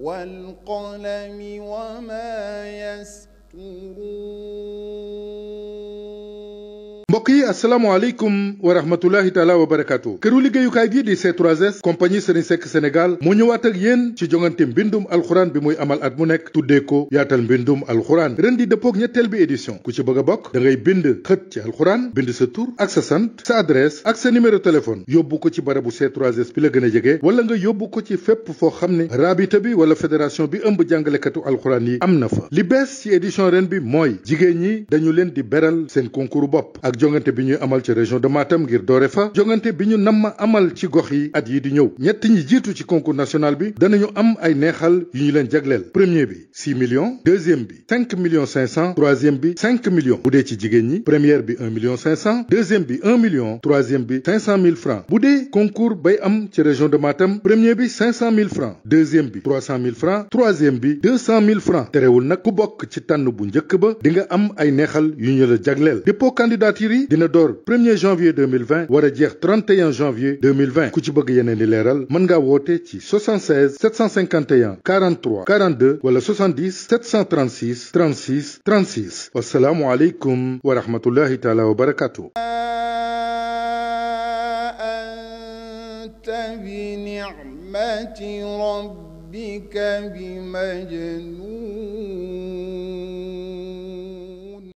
والقلم وما يسطرون mbokk yi asalaamaaleykum wa rahmatulahi taala wa barakaatu këru liggéeyukaay bii di C3S compagnie Serigne Seck Sénégal moo ñëwaat ak yéen ci jongante mbindum alxuraan bi muy amal at mu nekk tuddee ko yaatal mbindum alxuraan ren di dëppoog ñetteel bi édition ku ci bëgg a bokk da ngay bind xët ci alxuraan bind sa tur ak sa sant sa adresse ak sa numéro téléphone yóbbu ko ci barabu C3S bi la gën a jege wala nga yóbbu ko ci fépp foo xam ne raabita bi wala fédération bi ëmb jàngalekatu alxuraan yi am na fa li bees ci édition ren bi mooy jigéen ñi dañu leen di beral seen concours bopp ak jongante bi ñuy amal ci région de Matam ngir doore fa jongante bi ñu namm amal ci gox yi at yi di ñëw ñett ñi jiitu ci concours national bi danañu am ay neexal yu ñu leen jagleel premier bi six millions deuxième bi cinq millions cinq cent troisième bi cinq millions bu dee ci jigéen ñi première bi un million cinq cent deuxième bi un million troisième bi cinq cent mille francs bu dee concours bay am ci région de Matam premier bi cinq cent mille francs deuxième bi mille francs troisième bi deux cent mille francs terewul nag ku bokk ci tànn bu njëkk ba dinga am ay neexal yu ñu la jagleel dépôt candidature bi dina door 1er janvier 2020 war a jeex 31 janvier 2020 ku ci bëgg yeneen di leeral mën ngaa woote ci 76 751 43 42 wala 70 736 36 36 wasalaamu aleykum wa rahmatullahi taala wa barakatuh بنعمة ربك بمجنون